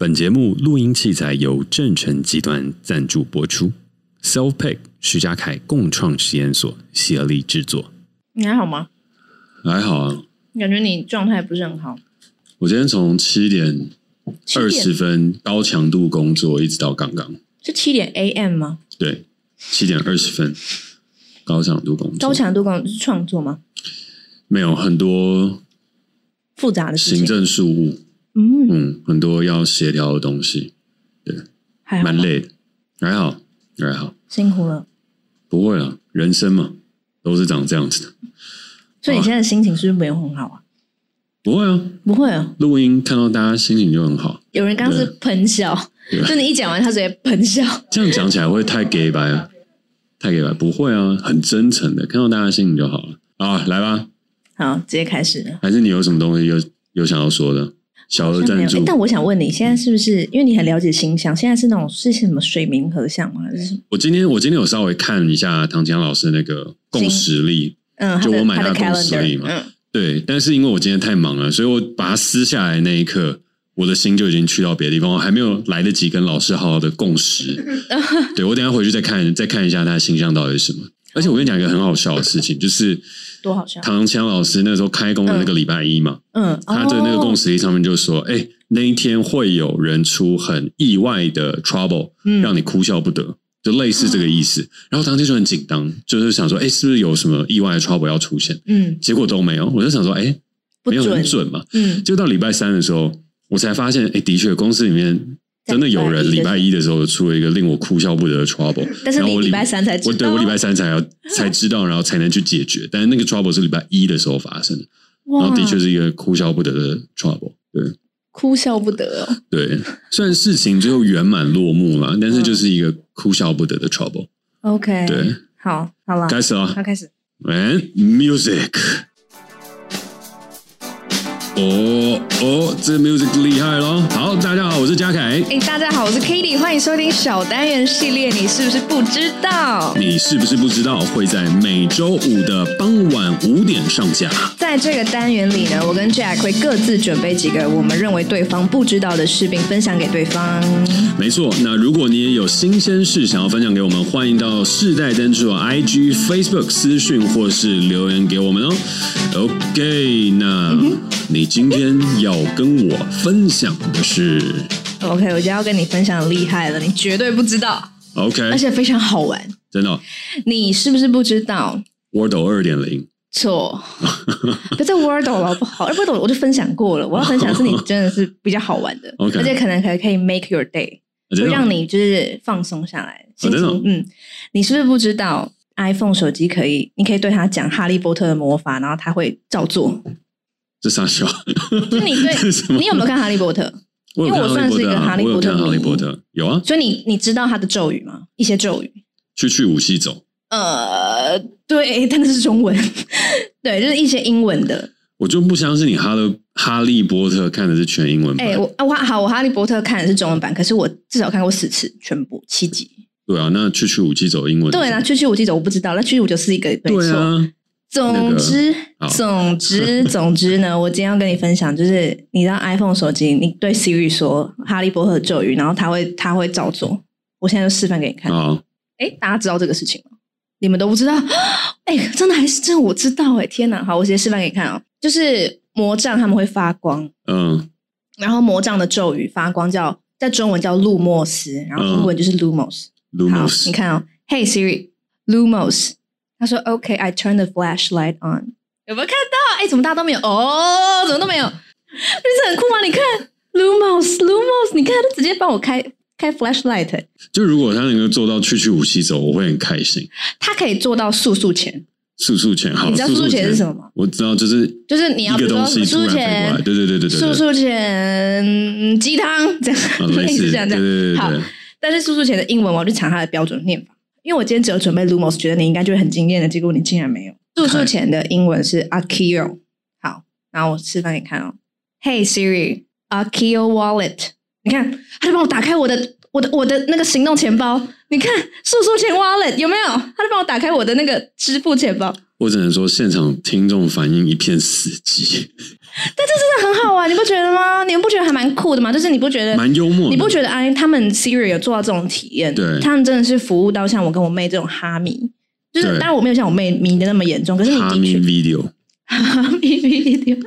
本節目錄音器材由正成集團贊助播出。Self-Pick 徐嘉凱共創實驗所協力制作。你還好嗎？還好啊。感覺你狀態不是很好。我今天從七點二十分高強度工作一直到剛剛。是七點 AM 嗎？對，七點二十分高強度工作。高強度工作是創作嗎？沒有很多複雜的事情。行政事務。嗯嗯，很多要協調的東西，對，還好蠻累的，還好，還好，辛苦了，不會啊，人生嘛，都是長這樣子的。所以你現在心情是不是沒有很好啊？不會啊，不會啊。會錄音看到大家心情就很好，有人剛剛是噴笑，對吧，就你一講完他直接噴笑， 這樣講起來會太假掰啊， 太假掰不會啊，很真誠的，看到大家心情就好了啊，來吧，好，直接開始，還是你有什麼東西有有想要說的？小而專注。但我想問你，現在是不是？嗯、因為你很了解星象，現在是那種是什麼水冥合相嗎？還是什麼？我今天我今天有稍微看一下唐綺陽老師那個共時曆，嗯，就我買他的共時曆嘛，calendar, 嗯，對。但是因為我今天太忙了，所以我把它撕下來那一刻，我的心就已經去到別的地方，我還沒有來得及跟老師好好的共時。嗯嗯、對，我等一下回去再看，再看一下他的星象到底是什麼。而且我跟你講一個很好笑的事情，就是多好笑，唐強老師那時候開工的那個禮拜一嘛，嗯嗯哦、他的那個共時曆上面就說，哎、欸，那一天會有人出很意外的 trouble，嗯、讓你哭笑不得，就類似這個意思。嗯、然後當時就很緊張，就是想說，哎、欸，是不是有什麼意外的 trouble 要出現？嗯、結果都沒有。我就想說，哎、欸，沒有很準嘛，就、嗯、到禮拜三的時候，我才發現，哎、欸，的確公司裡面。真的有人禮拜一的時候出了一個令我哭笑不得的 trouble，然後我禮拜三才知道我，禮、哦、我對我禮拜三才要才知道，然後才能去解決。但是那個 trouble 是禮拜一的時候發生的，哇，然後的確是一個哭笑不得的 trouble。對，哭笑不得，對，雖然事情最後圓滿落幕了，但是就是一個哭笑不得的 trouble，嗯。OK，對，okay, 好，好了，開始啊，開始。And music. 哦哦，這、oh, oh, music 厲害嘍！好，大家好，我是 Jack。哎、欸，大家好，我是 Cady，歡迎收聽小單元系列。你是不是不知道？你是不是不知道會在每周五的傍晚五點上架？在這個單元裡呢，我跟 Jack 會各自準備幾個我們認為對方不知道的視頻，分享給對方。沒錯，那如果你也有新鮮事想要分享給我們，歡迎到世代登出 IG、Facebook 私訊或是留言給我們哦。OK，那你。今天要跟我分享的是，OK，我今天要跟你分享厲害了，你絕對不知道，OK，而且非常好玩，真的。你是不是不知道 Wordle 二點零？錯，可 是 Wordle 老不好，Wordle 我就分享過了，我要分享是，你真的是比較好玩的，OK，、oh、而且可能還可以 Make Your Day，No. 會讓你就是放鬆下來，No. 心情 No. 嗯。你是不是不知道 iPhone 手機可以？你可以對他講哈利波特的魔法，然後他會照做。這三小！你你有沒有看《哈利波特》波特啊？因為我算是一個哈《哈利波特》特，有啊，所以你你知道他的咒語嗎？一些咒語。去去武器走。呃，對，但那是中文。 對，就是一些英文的。我就不相信你哈《哈哈利波特》看的是全英文版。哎，我啊，我好，我《哈利波特》看的是中文版，可是我至少看過四次，全部七集對。對啊，那去去武器走英文？對啊，去去武器走，我不知道，那去去武器走是一個對啊。總之，那個、總之，好總之呢，我今天要跟你分享，就是你知道 iPhone 手機，你對 Siri 說《哈利波特》咒語，然後他會，他會照做。我現在就示範給你看。哎好、欸，大家知道這個事情嗎？你們都不知道？哎、啊欸，真的還是真？我知道哎，天哪！好，我先示範給你看啊、喔，就是魔杖他們會發光。嗯。然後魔杖的咒語發光叫在中文叫“露莫斯”，然後英文就是 “lumos”。嗯、好 lumos，你看哦、喔、Hey Siri，lumos。他說：“OK，I、okay, turn the flashlight on。有沒有看到？哎、欸，怎麼大家都沒有？哦，怎麼都沒有？你是很酷嗎？你看，Lumos，Lumos，你看他直接幫我開開 flashlight，欸。就如果他能夠做到去去武器走，我會很開心。他可以做到速速前，速速前，好，你知道速速前是什麼嗎？我知道，就是就是你要一個東西突然飛過來對對對對，速速前雞湯這樣，是、哦、這樣這樣好。對對對對，但是速速前的英文，我就查它的標準念法。”因為我今天只有準備 Lumos，覺得你應該就很驚豔的，結果你竟然沒有。速速前的英文是 Accio，好，然後我示範給你看哦，Hey Siri，Accio Wallet，你看，他就幫我打開我的我的我的那個行動錢包，你看速速前 Wallet 有沒有？他就幫我打開我的那個支付錢包。我只能說，現場聽眾反應一片死寂。但這真的很好玩， 你不覺得嗎？你們不覺得還蠻酷的嗎？就是你不覺得蠻幽默的？你不覺得？哎，他們 Siri 有做到這種體驗，對，他們真的是服務到像我跟我妹這種哈迷，就是當然對我沒有像我妹迷的那麼嚴重，可是你哈迷 video，哈迷咪 video，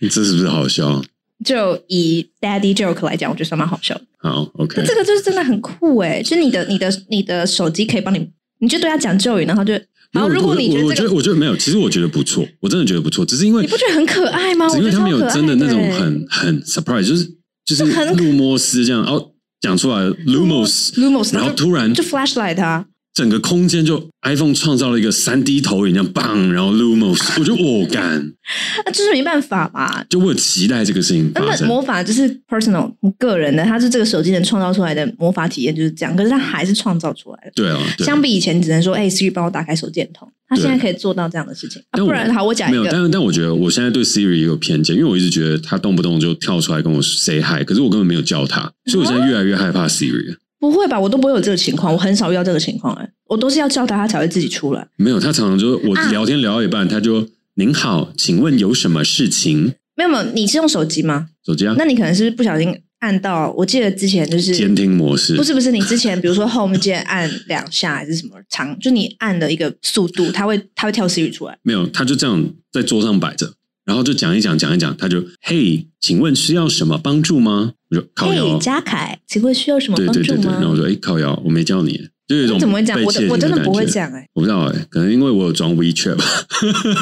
你 這是不是好笑？就以 Daddy Joke 來講，我覺得蠻好笑。好，OK，這個就是真的很酷哎，欸，就你的、你的、你的手機可以幫你，你就對他講咒語，然後就。然後如果你覺得、這個、我覺得,覺得、這個、我覺得,我覺得沒有，其實我覺得不錯，我真的覺得不錯，只是因為你不覺得很可愛嗎？只因為他沒有真的那種很那種很,對很 surprise，就是就是 Lumos 這樣哦講出來 Lumos，然後突然就 flashlight 啊。整個空間就 iPhone 創造了一個 3D 投影，這樣棒，然後 Lumos，我就我幹，啊， 就是沒辦法吧，就我有期待這個事情。那魔法就是 personal 個人的，他是這個手機能創造出來的魔法體驗就是這樣。可是他還是創造出來的， 對啊。對相比以前，只能說哎、欸、，Siri 幫我打開手電筒，他現在可以做到這樣的事情。對啊、不然我好，我講一個。沒有，但是但我覺得我現在對 Siri 也有偏見，因為我一直覺得他動不動就跳出來跟我 say hi。可是我根本沒有叫他，所以我現在越來越害怕 Siri。哦嗯不會吧，我都不會有這個情況，我很少遇到這個情況哎，我都是要叫他，他才會自己出來。沒有，他常常就是我聊天聊到一半，啊、他就您好，請問有什麼事情？沒有，沒有，你是用手機嗎？手機啊？那你可能是不，是不小心按到，我記得之前就是監聽模式，不是不是，你之前比如說 home 鍵按兩下，還是什麼長？就你按的一個速度，他會他會跳 Siri 出來。沒有，他就這樣在桌上擺着，然後就講一講，講一講，他就嘿，請問需要什麼幫助嗎？說靠搖、哦，哎，佳凱，請問需要什麼幫助嗎？對對對對，然後我說，哎，靠搖，我沒叫你。你怎麼會這樣？我我真的不會這樣哎！我不知道哎、欸，可能因為我有裝 WeChat 吧。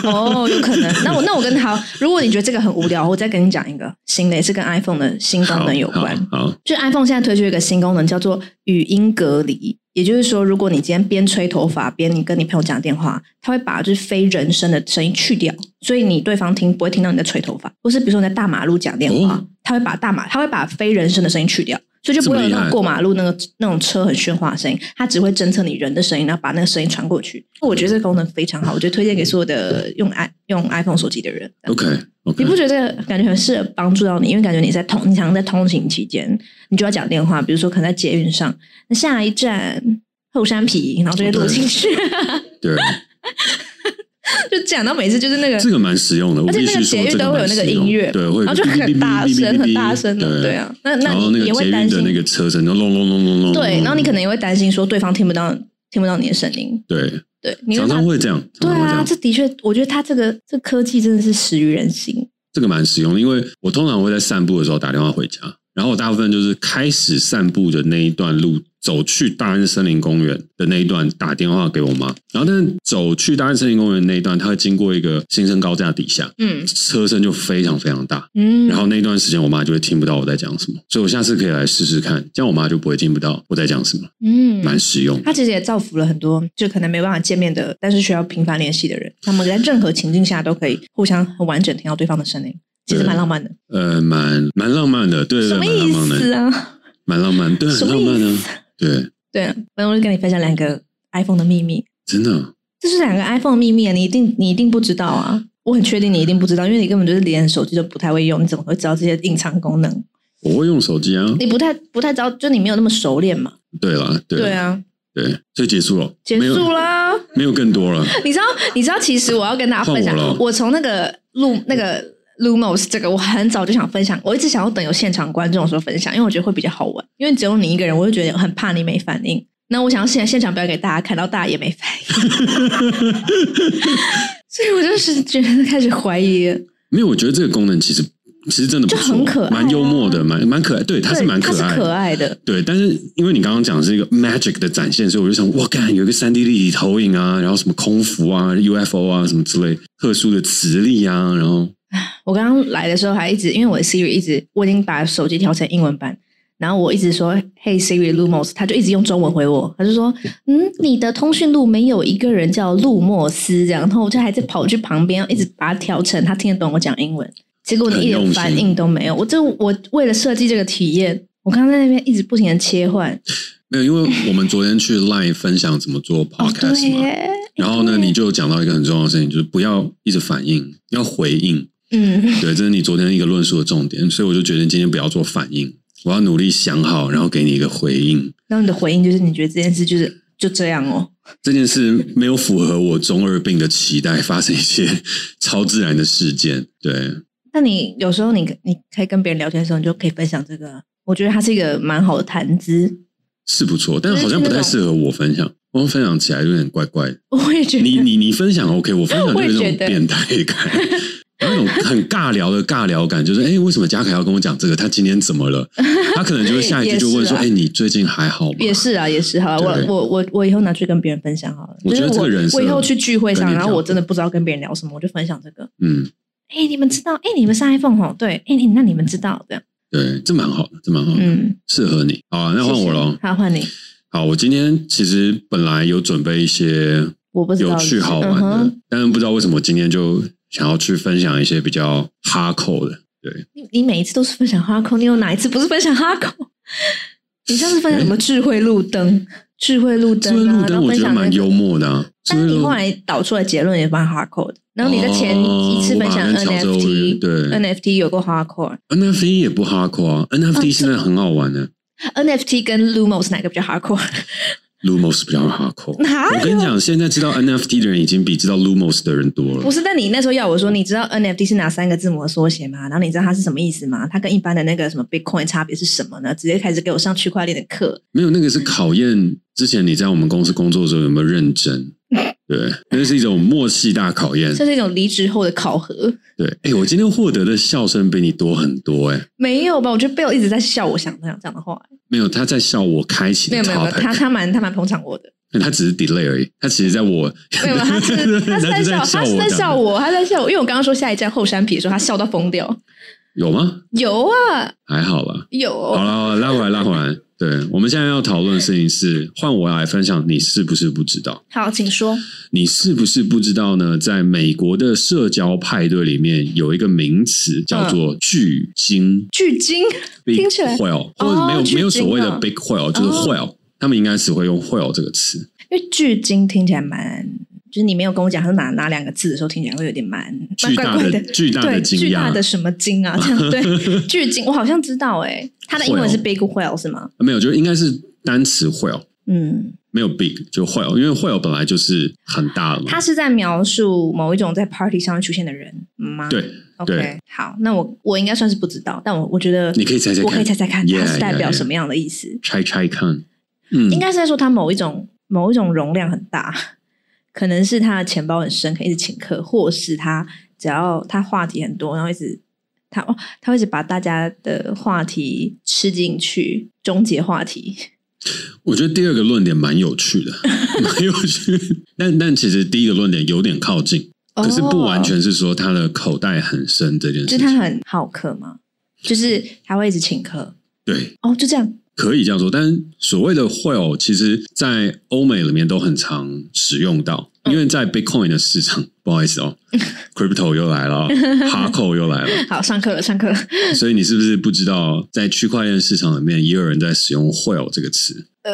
哦 ，oh, 有可能。那我那我跟他，如果你覺得這個很無聊，我再跟你講一個新的，也是跟 iPhone 的新功能有關。好，好好就 iPhone 現在推出一個新功能，叫做語音隔離。也就是說，如果你今天邊吹頭髮邊你跟你朋友講電話，他會把就是非人聲的聲音去掉，所以你對方聽不會聽到你在吹頭髮，或是比如說你在大馬路講電話，哦、他會把大馬他會把非人聲的聲音去掉。所以就不會有那種過馬路那個那種車很喧嘩的聲音，它只會偵測你人的聲音，然後把那個聲音傳過去。我覺得這個功能非常好，我覺得推薦給所有的用 i, 對用 iPhone 手機的人。OK, okay. 你不覺得這個感覺很適合幫助到你？因為感覺你在通，你常常在通勤期間，你就要講電話，比如說可能在捷運上，那下一站後山埤，然後直接錄進去。對。 講到每次就是那個，這個蠻實用的，而且那個捷運都會有那個音樂，對，然後就很大聲，很大聲，的，對啊對，那那也會擔心那個車聲，就隆隆隆隆隆，對，然後你可能也會擔心說對方聽不到，聽不到你的聲音，對對常常，常常會這樣，對啊，這的確，我覺得他這個這科技真的是始於人心，這個蠻實用的，因為我通常會在散步的時候打電話回家。然後我大部分就是開始散步的那一段路，走去大安森林公園的那一段，打電話給我媽。然後，但是走去大安森林公園的那一段，它會經過一個新生高架底下，嗯，車聲就非常非常大，嗯。然後那一段時間，我媽就會聽不到我在講什麼，所以我下次可以來試試看，這樣我媽就不會聽不到我在講什麼，嗯，蠻實用。它其實也造福了很多，就可能沒辦法見面的，但是需要頻繁聯繫的人，那麼在任何情境下都可以互相很完整聽到對方的聲音。其實蠻浪漫的，呃，蠻蠻浪漫的，對，什麼意思啊？蠻浪漫，對，很浪漫的。啊？對，對，我就跟你分享兩個 iPhone 的秘密，真的，這是兩個 iPhone 的秘密啊！你一定你一定不知道啊！我很確定你一定不知道，因為你根本就是連手機都不太會用，你怎麼會知道這些隱藏功能？我會用手機啊，你不太不太知道，就你沒有那麼熟練嘛？對啦，對，對啊，對，就結束了，結束了，沒有更多了。 你知道，你知道，其實我要跟大家分享，我，我從那個錄那個。Lumos 這個，我很早就想分享，我一直想要等有現場觀眾的時候分享，因為我覺得會比較好玩。因為只有你一個人，我就覺得很怕你沒反應。那我想要現在現場表演給大家看，到大家也沒反應， 所以我就是覺得開始懷疑。沒有，我覺得這個功能其實其實真的蠻很可愛啊，蠻幽默的，蠻蠻可愛。對，對，它是蠻可愛的。可愛的。對，但是因為你剛剛講的是一個 magic 的展現，所以我就想，我看有一個三 D 立體投影啊，然後什麼空服啊、UFO 啊什麼之類，特殊的磁力啊，然後。我剛剛來的時候還一直，因為我的 Siri 一直，我已經把手機調成英文版，然後我一直說 Hey Siri，Lumos 他就一直用中文回我，他就說嗯，你的通訊錄沒有一個人叫 Lumos，這樣，然後我就還在跑去旁邊，一直把它調成他聽得懂我講英文，結果你一點反應都沒有。我就我為了設計這個體驗，我剛剛在那邊一直不停的切換，沒有，因為我們昨天去 Line 分享怎麼做 podcast，哦，然後呢，你就講到一個很重要的事情，就是不要一直反應，要回應。嗯，對，這是你昨天一個論述的重點，所以我就決定今天不要做反應，我要努力想好，然後給你一個回應。那你的回應就是你覺得這件事就是就這樣哦？這件事沒有符合我中二病的期待，發生一些超自然的事件。對。那你有時候你你可以跟別人聊天的時候，你就可以分享這個。我覺得它是一個蠻好的談資，是不錯，但好像不太適合我分享。我們分享起來有點怪怪的。我也覺得。你你你分享 OK，我分享就是那種變態感。 那種很尬聊的尬聊感，就是哎，為什麼嘉凱要跟我講這個？他今天怎麼了？他可能就會下一句就問說：“哎，你最近還好嗎？”也是啊，也是。好，我我我我以後拿去跟別人分享好了。我覺得這個人，我以後去聚會上，然後我真的不知道跟別人聊什麼，我就分享這個。嗯，哎，你們知道？哎，你們是 iPhone 哦？對，哎，那你們知道？這樣對，這蠻好的，這蠻好嗯，適合你。好，那換我嘍。好，換你。好，我今天其實本來有準備一些，我不知道有趣好玩的，但是不知道為什麼今天就。想要去分享一些比較 hardcore 的。對，你，你每一次都是分享 hardcore，你有哪一次不是分享 hardcore？你上次分享什麼智慧路燈？欸、智慧路燈、啊，智慧路燈、那個，我覺得蠻幽默的、啊。但你後來導出來結論也蠻 hardcore 的。然後你的前幾、哦、次分享 NFT，對 NFT 有過 hardcore，NFT 也不 hardcore、啊。NFT、啊、現在很好玩的、啊。NFT 跟 Lumos 哪個比較 hardcore？ Lumos 比較 hardcore，哈我跟你講，現在知道 NFT 的人已經比知道 Lumos 的人多了。不是，但你那時候要我說，你知道 NFT 是哪三個字母的縮寫嗎？然後你知道它是什麼意思嗎？它跟一般的那個什麼 Bitcoin 差別是什麼呢？直接開始給我上區塊鏈的課。沒有，那個是考驗。之前你在我們公司工作中有沒有認真？ 對，那、就是一種默契大考驗， 這是一種離職後的考核。對，哎、欸，我今天獲得的笑聲比你多很多、欸，哎，沒有吧？我覺得貝爾一直在笑，我想這樣講的話、欸。沒有，他在笑我開啟的。沒有，沒有沒有，他他蠻他蠻捧場我的。他只是 delay 而已，他其實在我。沒有吧，他是他是在笑，他在笑我，我他在笑我，因為我剛剛說下一站後山皮的時候，他笑到瘋掉。有嗎？有啊。還好吧。有。好了，拉回來，拉回來。對，我們現在要討論的事情是，嗯、換我來分享，你是不是不知道？好，請說，你是不是不知道呢？在美國的社交派對裡面，有一個名詞叫做巨鯨，巨鯨聽起來會哦，whale, 或者沒有巨鯨，沒有所謂的 big whale，、哦、就是 whale，、哦、他們應該是會用 whale 這個詞，因為巨鯨聽起來蠻。就是你沒有跟我講他是哪哪兩個字的時候，聽起來會有點蠻怪怪的，巨大的、巨大的什麼鯨啊，這樣對，巨鯨我好像知道哎，它的英文是 big whale 是嗎？沒有，就應該是單詞 whale，嗯，沒有 big 就 whale，因為 whale 本來就是很大嘛。它是在描述某一種在 party 上出現的人嗎？對，OK，好，那我我應該算是不知道，但我我覺得你可以猜猜，我可以猜猜看它是代表什麼樣的意思，猜猜看，應該是在說它某一種某一種容量很大。可能是他的錢包很深，可以一直請客，或是他只要他話題很多，然後一直他哦，他會一直把大家的話題吃進去，終結話題。我覺得第二個論點蠻有趣的，蠻 有趣。但但其實第一個論點有點靠近，可是不完全是說他的口袋很深這件事情，就是他很好客嘛，就是他會一直請客。對哦，就這樣。可以這樣說，但所謂的會 h a l 其實在歐美裡面都很常使用到，因為在 Bitcoin 的市場，不好意思哦 ，Crypto 又來了，h a r k o 又來了， 來了，好，上課了，上課了。所以你是不是不知道，在區塊鏈市場裡面也有人在使用 w h a l 這個詞？呃，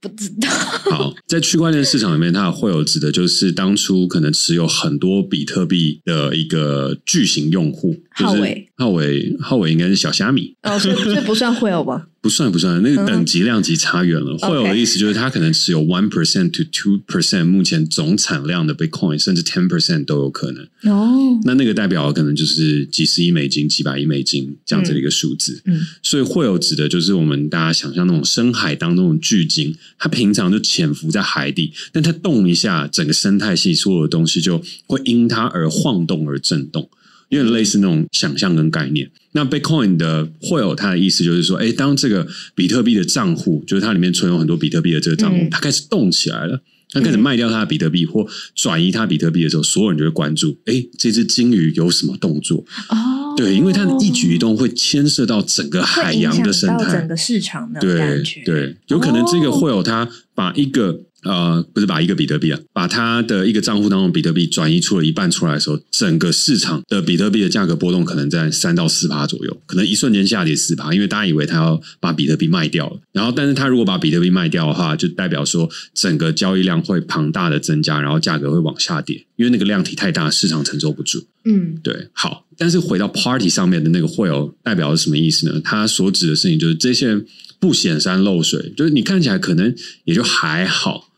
不知道。好，在區塊鏈市場裡面，它的 h a l 指的就是當初可能持有很多比特幣的一個巨型用戶。就是浩偉，浩偉，浩偉應該是小蝦米哦，這不算會偶吧？ 不算不算，那個等級、嗯、量級差遠了。會偶 Okay. 的意思就是它可能持有 one percent to two percent，目前總產量的 bitcoin，甚至 ten percent 都有可能。哦，那那個代表的可能就是幾十億美金、幾百億美金這樣子的一個數字嗯。嗯，所以會偶指的就是我們大家想象那種深海當中的巨鯨，它平常就潛伏在海底，但它動一下，整個生態系所有的東西就會因它而晃動而震動。有點類似那種想象跟概念，那 Bitcoin 的 whale，它的意思就是說，誒，當這個比特幣的賬戶，就是它裡面存有很多比特幣的這個賬戶，嗯、它開始動起來了，它開始賣掉它的比特幣，嗯、或轉移它比特幣的時候，所有人就會關注，誒，這隻鯨魚有什麼動作？哦，對，因為它的一舉一動會牽涉到整個海洋的生態，到整個市場的對對，有可能這個 whale，它把一個。呃，不是把一個比特幣啊，把他的一個賬戶當中比特幣轉移出了一半出來的時候，整個市場的比特幣的價格波動可能在三到四趴左右，可能一瞬間下跌四趴，因為大家以為他要把比特幣賣掉了。然後，但是他如果把比特幣賣掉的話，就代表說整個交易量會龐大的增加，然後價格會往下跌，因為那個量體太大，市場承受不住。嗯，對。好，但是回到 party 上面的那個會有、哦、代表是什麼意思呢？他所指的事情就是這些人不顯山露水，就是你看起來可能也就還好。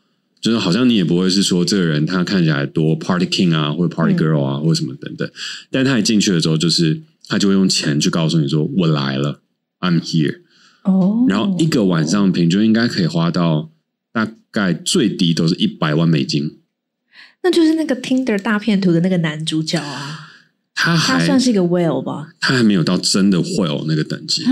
就是好像你也不會是說這個人他看起來多 party king 啊，或者 party girl 啊，或者什麼等等，嗯、但他一進去的時候，就是他就會用錢去告訴你說我來了，I'm here。哦、然後一個晚上平均應該可以花到大概最低都是一百萬美金，那就是那個 Tinder 大片圖的那個男主角啊，他還他算是一個 whale 吧，他還沒有到真的 whale 那個等級。啊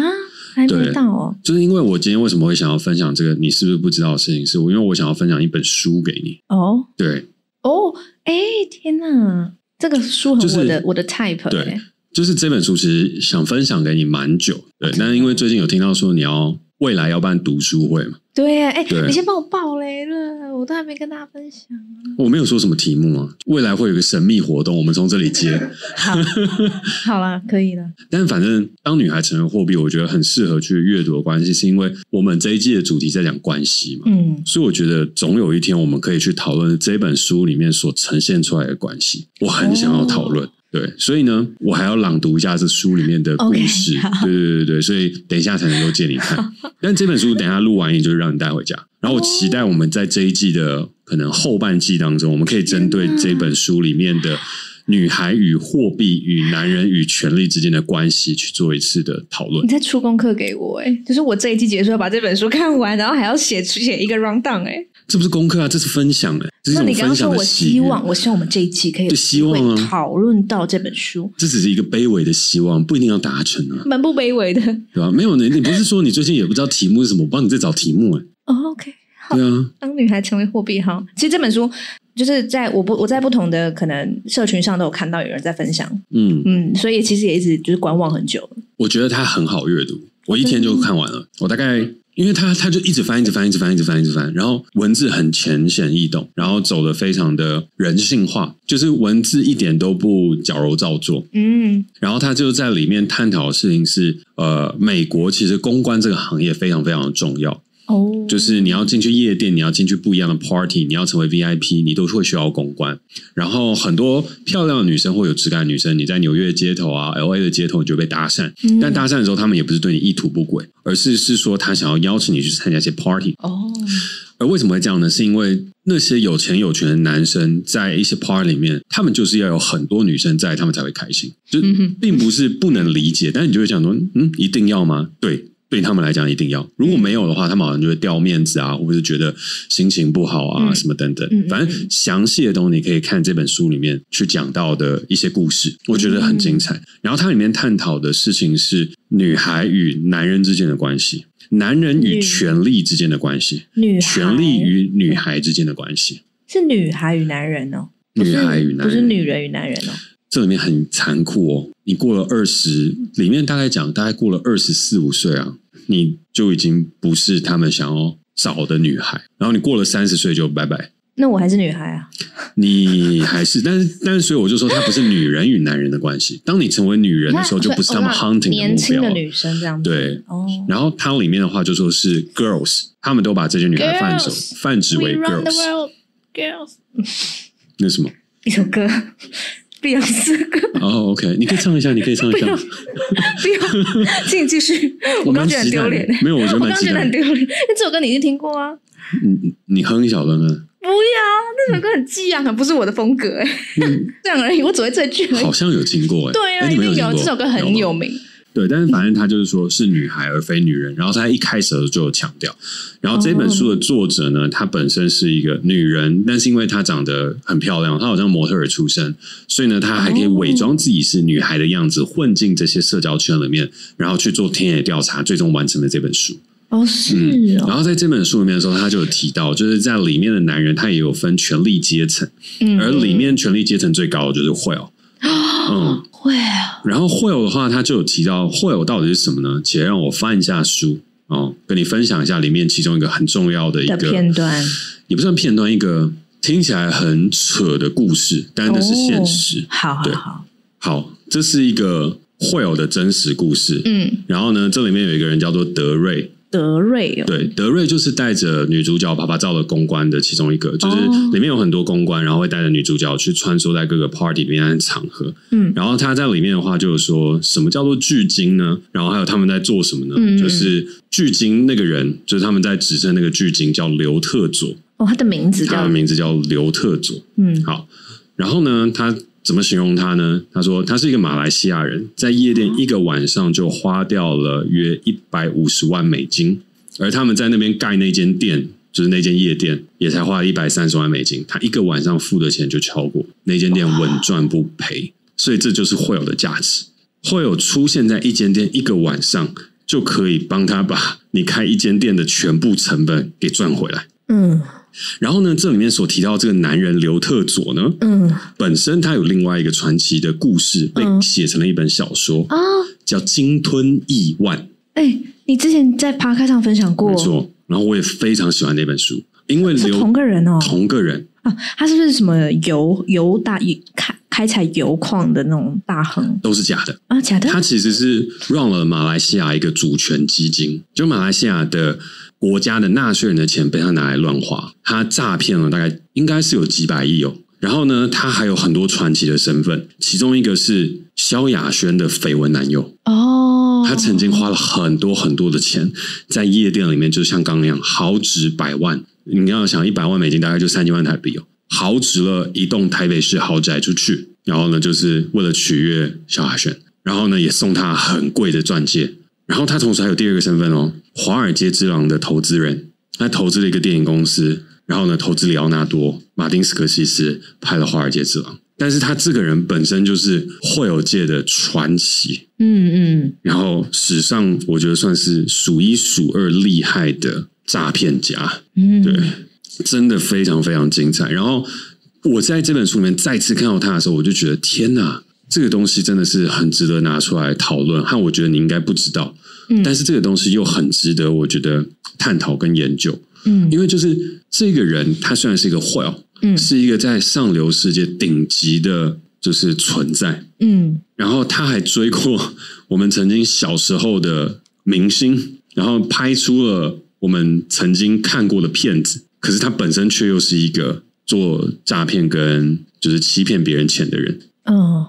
還沒到哦，就是因為我今天為什麼會想要分享這個，你是不是不知道的事情？是我因為我想要分享一本書給你哦，對，哦，哎、欸，天哪，這個書好，我的、就是、我的 type，對，欸、就是這本書其實想分享給你蠻久，對，Okay. 但是因為最近有聽到說你要未來要辦讀書會嘛。對呀、啊，哎、欸，對你先幫我爆雷了，我都還沒跟大家分享、啊。我沒有說什麼題目啊，未來會有個神秘活動，我們從這裡接。 好， 好了，可以了。但反正當女孩成為貨幣，我覺得很適合去閱讀的關係，是因為我們這一季的主題在講關係嘛。嗯。所以我覺得總有一天我們可以去討論這本書裡面所呈現出來的關係，我很想要討論。哦。對，所以呢，我還要朗讀一下這書裡面的故事。Okay, 好對對對，所以等一下才能夠借你看。 好但這本書等一下錄完，也就是讓你帶回家。然後我期待我們在這一季的可能後半季當中，我們可以針對這本書裡面的女孩與貨幣與男人與權力之間的關係去做一次的討論。你在出功課給我，欸？誒就是我這一季結束要把這本書看完，然後還要寫寫一個 round down、欸是不是功課啊？這是分享，欸、是分享的。那你剛剛說我希望，我希望我們這一期可以希望討論到這本書。這只是一個卑微的希望，不一定要達成啊。蠻不卑微的，對吧、啊？沒有呢，你不是說你最近也不知道題目是什麼？我幫你再找題目哎、欸哦。OK。好。啊、當女孩成為貨幣哈。其實這本書就是在我不我在不同的可能社群上都有看到有人在分享。嗯嗯，所以其實也一直就是觀望很久。我覺得它很好閱讀，我一天就看完了。嗯、我大概。因為他他就一直翻，一直翻，一直翻，一直翻，一直翻。然後文字很淺顯易懂，然後走的非常的人性化，就是文字一點都不矯揉造作。嗯，然後他就在裡面探討的事情是，呃，美國其實公關這個行業非常非常的重要。哦，oh. 就是你要進去夜店，你要進去不一樣的 party，你要成為 VIP，你都會需要公關。然後很多漂亮的女生或有質感的女生，你在紐約的街頭啊、LA 的街頭你就會被搭訕，嗯、但搭訕的時候他們也不是對你意圖不軌，而是是說他想要邀請你去參加一些 party。哦，oh. 而為什麼會這樣呢？是因為那些有錢有權的男生在一些 party 裡面，他們就是要有很多女生在，他們才會開心。就並不是不能理解， 但你就會想說，嗯，一定要嗎？對。對他們來講，一定要。如果沒有的話，他們好像就會掉面子啊，或者是覺得心情不好啊，嗯、什麼等等。反正詳細的東西，你可以看這本書裡面去講到的一些故事，我覺得很精彩。嗯、然後它裡面探討的事情是女孩與男人之間的關係，男人與權力之間的關係，女孩、權力與女孩之間的關係是女孩與男人哦，女孩與男人不是女人與男人哦。這裡面很殘酷哦，你過了二十，裡面大概講大概過了二十四五歲啊。你就已經不是他們想要找的女孩，然後你過了三十歲就拜拜。那我還是女孩啊。你還是，但是但是，所以我就說，她不是女人與男人的關係。當你成為女人的時候，就不是他們 hunting 的目標，哦，年輕的女生這樣子。對，哦。然後它裡面的話就說，是 girls，他們都把這些女孩泛指，泛指 Girls, 為 girls。We run the world, girls。那什麼？一首歌。Beyond 四哥，哦、oh,，OK，你可以唱一下，你可以唱一下，不要,要，請你繼續。我剛,剛覺得很丟臉，我的沒有，我,的我剛我覺得很丟臉，那這首歌你一定聽過啊。嗯、你哼一小段呢不要，那首歌很激昂，嗯、可能不是我的風格、欸嗯、這樣而已，我只會這句。好像有聽過、欸，對啊，欸、一定有，這首歌很有名。對，但是反正他就是說是女孩而非女人。嗯、然後他一開始就有強調。然後這本書的作者呢，他本身是一個女人，但是因為她長得很漂亮，她好像模特兒出身，所以呢，她還可以偽裝自己是女孩的樣子，哦、混進這些社交圈裡面，然後去做田野調查，最終完成了這本書。哦，是哦、嗯、然後在這本書裡面的時候，他就有提到，就是在裡面的男人，他也有分權力階層，而裡面權力階層最高的就是會哦。嗯，會啊兒。然後會有的話，他就有提到會有到底是什麼呢？且讓我翻一下書哦、嗯，跟你分享一下裡面其中一個很重要的一個的片段，也不算片段，一個聽起來很扯的故事，但那是現實。哦、好好好，好，這是一個會有的真實故事。嗯，然後呢，這裡面有一個人叫做德瑞。德瑞、哦、對，德瑞就是帶着女主角啪啪照的公關的其中一個，就是裡面有很多公關，然後會帶着女主角去穿梭在各個 party 裡面的場合。嗯，然後他在裡面的話就是說，什麼叫做巨鯨呢？然後還有他們在做什麼呢？嗯嗯，就是巨鯨那個人，就是他們在指稱那個巨鯨叫劉特佐。哦，他的名字，他的名字叫劉特佐。嗯，好，然後呢，他。怎麼形容他呢？他說他是一個馬來西亞人，在夜店一個晚上就花掉了約一百五十萬美金，而他們在那邊蓋那間店，就是那間夜店，也才花了一百三十萬美金。他一個晚上付的錢就超過那間店穩賺不賠，哇所以這就是會有的價值。會有出現在一間店一個晚上就可以幫他把你開一間店的全部成本給賺回來。嗯。然後呢，這裡面所提到的這個男人劉特佐呢，嗯，本身他有另外一個傳奇的故事，嗯，被寫成了一本小說，哦，叫《鯨吞億萬》。哎，你之前在 Podcast 上分享過，沒錯。然後我也非常喜歡那本書，因為劉同個人哦，同個人啊，他是不是什麼油油大開開採油礦的那種大亨，嗯。都是假的啊，假的。他其實是讓了馬來西亞一個主權基金，就馬來西亞的。國家的納稅人的錢被他拿來亂花，他詐騙了大概應該是有幾百億哦。然後呢，他還有很多傳奇的身份，其中一個是蕭亞軒的緋聞男友哦。他曾經花了很多很多的錢在夜店裡面，就像剛那樣豪擲百萬。你要想一百萬美金，大概就三千萬台幣哦，豪擲了一棟台北市豪宅出去。然後呢，就是為了取悅蕭亞軒，然後呢，也送他很貴的鑽戒。然後他同時還有第二個身份哦，華爾街之狼的投資人，他投資了一個電影公司，然後呢，投資李奧納多、馬丁斯科西斯拍了《華爾街之狼》，但是他這個人本身就是匯友界的傳奇，嗯嗯，然後史上我覺得算是數一數二厲害的詐騙家，嗯，對，真的非常非常精彩。然後我在這本書裡面再次看到他的時候，我就覺得天哪！這個東西真的是很值得拿出來討論，還我覺得你應該不知道，嗯、但是這個東西又很值得，我覺得探討跟研究。嗯，因為就是這個人，他雖然是一個壞 h 嗯，是一個在上流世界頂級的，就是存在，嗯。然後他還追過我們曾經小時候的明星，然後拍出了我們曾經看過的片子，可是他本身卻又是一個做詐騙跟就是欺騙別人錢的人，哦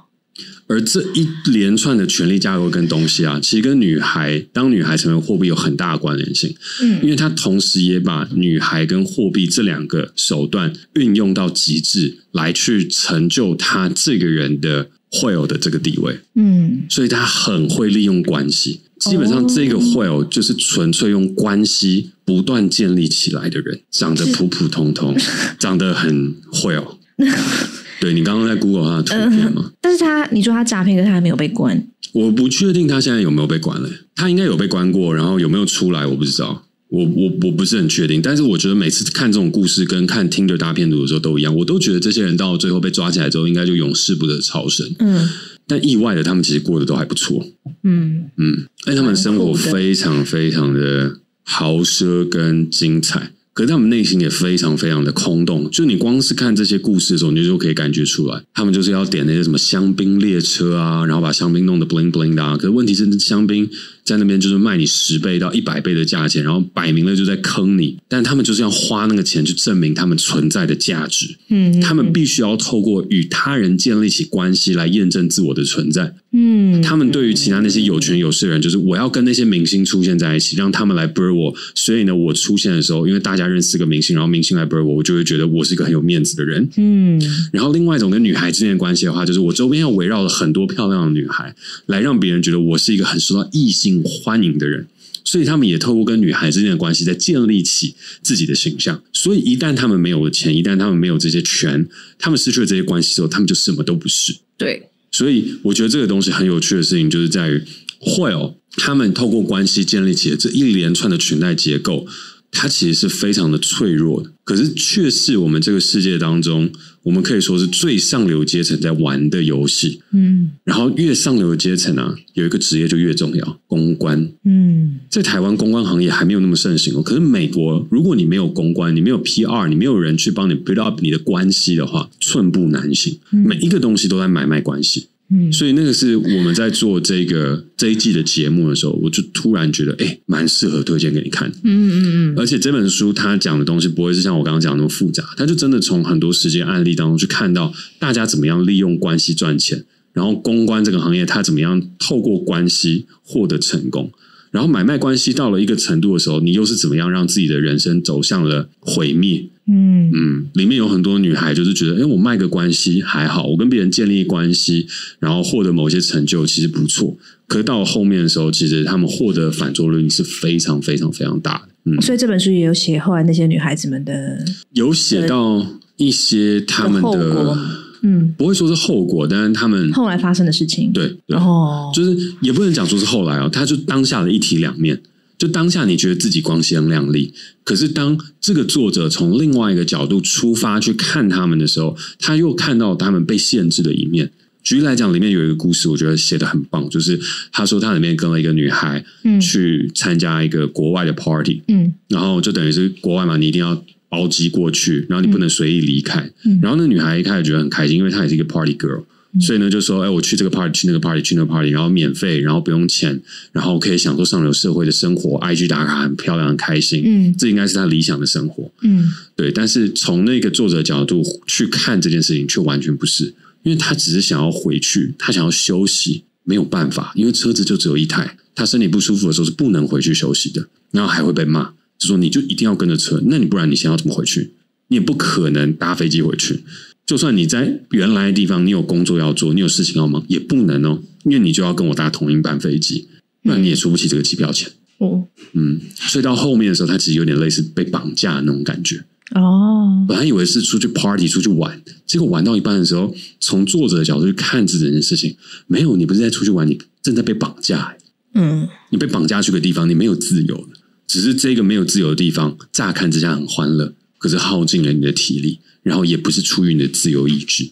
而這一連串的權力架構跟東西啊，其實跟女孩當女孩成為貨幣有很大的關聯性。嗯，因為她同時也把女孩跟貨幣這兩個手段運用到極致，來去成就她這個人的 whale 的這個地位。嗯，所以她很會利用關係。基本上，這個 whale 就是純粹用關係不斷建立起來的人，長得普普通通，是長得很 whale 對你剛剛在 Google 他的圖片嘛、嗯？但是他，你說他詐騙，可是他還沒有被關。我不確定他現在有沒有被關了。他應該有被關過，然後有沒有出來，我不知道。我我我不是很確定。但是我覺得每次看這種故事，跟看 Tinder 大騙徒的時候都一樣，我都覺得這些人到最後被抓起來之後，應該就永世不得超生。嗯。但意外的，他們其實過得都還不錯。嗯嗯，而且、嗯、他們生活非常非常的豪奢跟精彩。可是他們內心也非常非常的空洞，就你光是看這些故事的時候，你就可以感覺出來，他們就是要點那些什麼香檳列車啊，然後把香檳弄得 bling bling 的啊，可是問題是香檳在那邊就是賣你十倍到一百倍的價錢，然後擺明了就在坑你。但他們就是要花那個錢去證明他們存在的價值。嗯，他們必須要透過與他人建立起關係來驗證自我的存在。嗯，他們對於其他那些有權有勢的人，嗯、就是我要跟那些明星出現在一起，讓他們來 bur 我。所以呢，我出現的時候，因為大家認識個明星，然後明星來 bur 我，我就會覺得我是一個很有面子的人。嗯，然後另外一種跟女孩之間的關係的話，就是我周邊要圍繞了很多漂亮的女孩，來讓別人覺得我是一個很受到異性。歡迎的人，所以他們也透過跟女孩之間的關係，在建立起自己的形象。所以一旦他們沒有錢，一旦他們沒有這些權，他們失去了這些關係之後，他們就什麼都不是。對，所以我覺得這個東西很有趣的事情，就是在於，會哦，他們透過關係建立起這一連串的裙帶結構。它其實是非常的脆弱的，可是卻是我們這個世界當中，我們可以說是最上流階層在玩的遊戲。嗯，然後越上流的階層啊，有一個職業就越重要，公關。嗯，在台灣公關行業還沒有那麼盛行哦。可是美國，如果你沒有公關，你沒有 PR，你沒有人去幫你 build up 你的關係的話，寸步難行。每一個東西都在買賣關係。所以那個是我們在做這個這一季的節目的時候，我就突然覺得，誒蠻適合推薦給你看。嗯嗯嗯，而且這本書它講的東西不會是像我剛剛講的那麼複雜，它就真的從很多實際案例當中去看到大家怎麼樣利用關係賺錢，然後公關這個行業它怎麼樣透過關係獲得成功。然後買賣關係到了一個程度的時候，你又是怎麼樣讓自己的人生走向了毀滅？嗯嗯，裡面有很多女孩就是覺得，哎，我賣個關係還好，我跟別人建立關係，然後獲得某些成就其實不錯。可是到後面的時候，其實他們獲得反作用力是非常非常非常大的。嗯，所以這本書也有寫後來那些女孩子們的，有寫到一些他們的後果。嗯，不會說是後果，但是他們後來發生的事情，對，然後、哦、就是也不能講說是後來哦，他就當下的一體兩面，就當下你覺得自己光鮮亮麗，可是當這個作者從另外一個角度出發去看他們的時候，他又看到他們被限制的一面。舉例來講，裡面有一個故事，我覺得寫得很棒，就是他說他裡面跟了一個女孩，嗯，去參加一個國外的 party，嗯，然後就等於是國外嘛，你一定要包機過去，然後你不能隨意離開。嗯嗯、然後那女孩一開始覺得很開心，因為她也是一個 party girl，、嗯、所以呢就說：“哎，我去這個 party，去那個 party，去那個 party，然後免費，然後不用錢，然後可以享受上流社會的生活，IG 打卡，很漂亮，很開心。嗯”這應該是她理想的生活。嗯，對。但是從那個作者角度去看這件事情，卻完全不是，因為她只是想要回去，她想要休息，沒有辦法，因為車子就只有一台。她身體不舒服的時候是不能回去休息的，然後還會被罵。就說你就一定要跟着車，那你不然你現在要怎麼回去？你也不可能搭飛機回去。就算你在原來的地方，你有工作要做，你有事情要忙，也不能哦，因為你就要跟我搭同一班飛機，那你也出不起這個機票錢、嗯、哦。嗯，所以到後面的時候，他其實有點類似被綁架的那種感覺哦。本來以為是出去 party 出去玩，結果玩到一半的時候，從作者的角度去看這件事情，沒有，你不是在出去玩，你正在被綁架。嗯，你被綁架去個地方，你沒有自由只是這個沒有自由的地方，乍看之下很歡樂，可是耗盡了你的體力，然後也不是出於你的自由意志。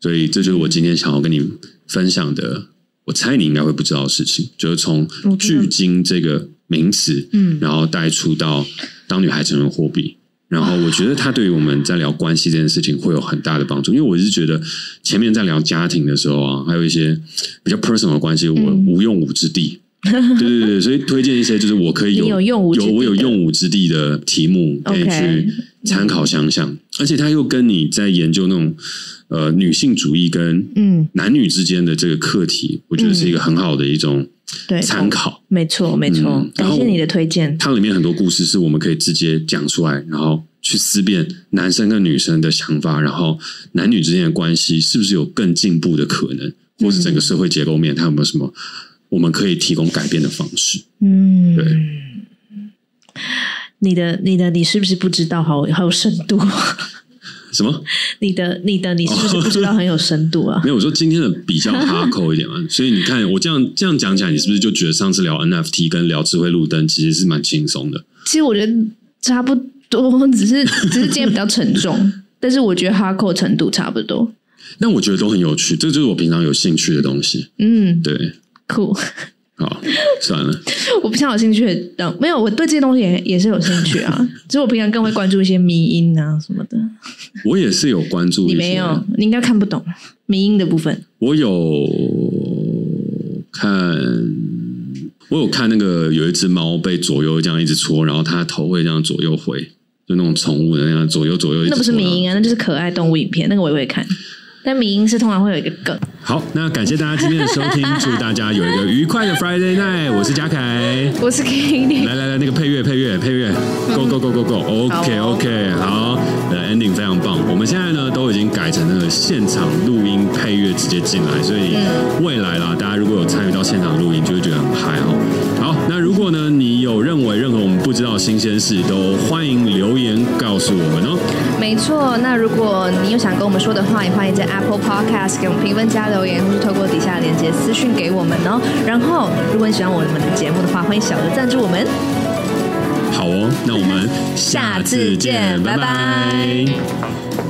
所以，這就是我今天想要跟你分享的。我猜你應該會不知道的事情，就是從“巨鯨”這個名詞，嗯，然後帶出到當女孩成為貨幣，嗯、然後我覺得它對於我們在聊關係這件事情會有很大的幫助。因為我是覺得前面在聊家庭的時候啊，還有一些比較 personal 的關係，我無用武之地。嗯 對對對，所以推薦一些就是我可以有，有，用有我有用武之地的題目，可以去參考想想。Okay 嗯、而且他又跟你在研究那種呃女性主義跟嗯男女之間的這個課題，嗯、我覺得是一個很好的一種參考。嗯、對沒錯，沒錯，感謝你的推薦。它裡面很多故事是我們可以直接講出來，然後去思辨男生跟女生的想法，然後男女之間的關係是不是有更進步的可能，或是整個社會結構面它有沒有什麼？嗯我們可以提供改變的方式。嗯，對。你的你的你是不是不知道好，好有深度？ 什麼？你的你的你是不是不知道很有深度啊？ 沒有，我說今天的比較哈扣一點嘛。 所以你看，我這樣這樣講起來，你是不是就覺得上次聊 NFT 跟聊智慧路燈其實是蠻輕鬆的？其實我覺得差不多，只是只是今天比較沉重， 但是我覺得哈扣程度差不多。那我覺得都很有趣，這就是我平常有興趣的東西。嗯，對。酷，Cool 好，算了。我不太有興趣的，沒有。我對這些東西也也是有興趣啊，其實 我平常更會關注一些迷因啊什麼的。我也是有關注一些，你沒有？你應該看不懂迷因的部分。我有看，我有看那個有一隻貓被左右這樣一直戳，然後它頭會這樣左右回，就那種寵物的那樣左右左右。那不是迷因啊，那就是可愛動物影片。那個我也會看。但民音是通常會有一個梗。好，那感謝大家今天的收聽，祝大家有一個愉快的 Friday night。我是 Jack，我是 Cady。來來來，那個配樂，配樂，配樂、嗯、，Go Go Go Go Go。OK OK，好，那、嗯、Ending 非常棒。我們現在呢都已經改成那個現場錄音配樂直接進來，所以未來啦，大家如果有參與到現場錄音，就會覺得很嗨哦。知道新鮮事都歡迎留言告訴我們哦。沒錯，那如果你有想跟我們說的話，也歡迎在 Apple Podcast 給我們評分加留言，或是透過底下的連結私訊給我們哦。然後，如果你喜歡我們的節目的話，歡迎小額贊助我們。好哦，那我們下次見， 拜拜。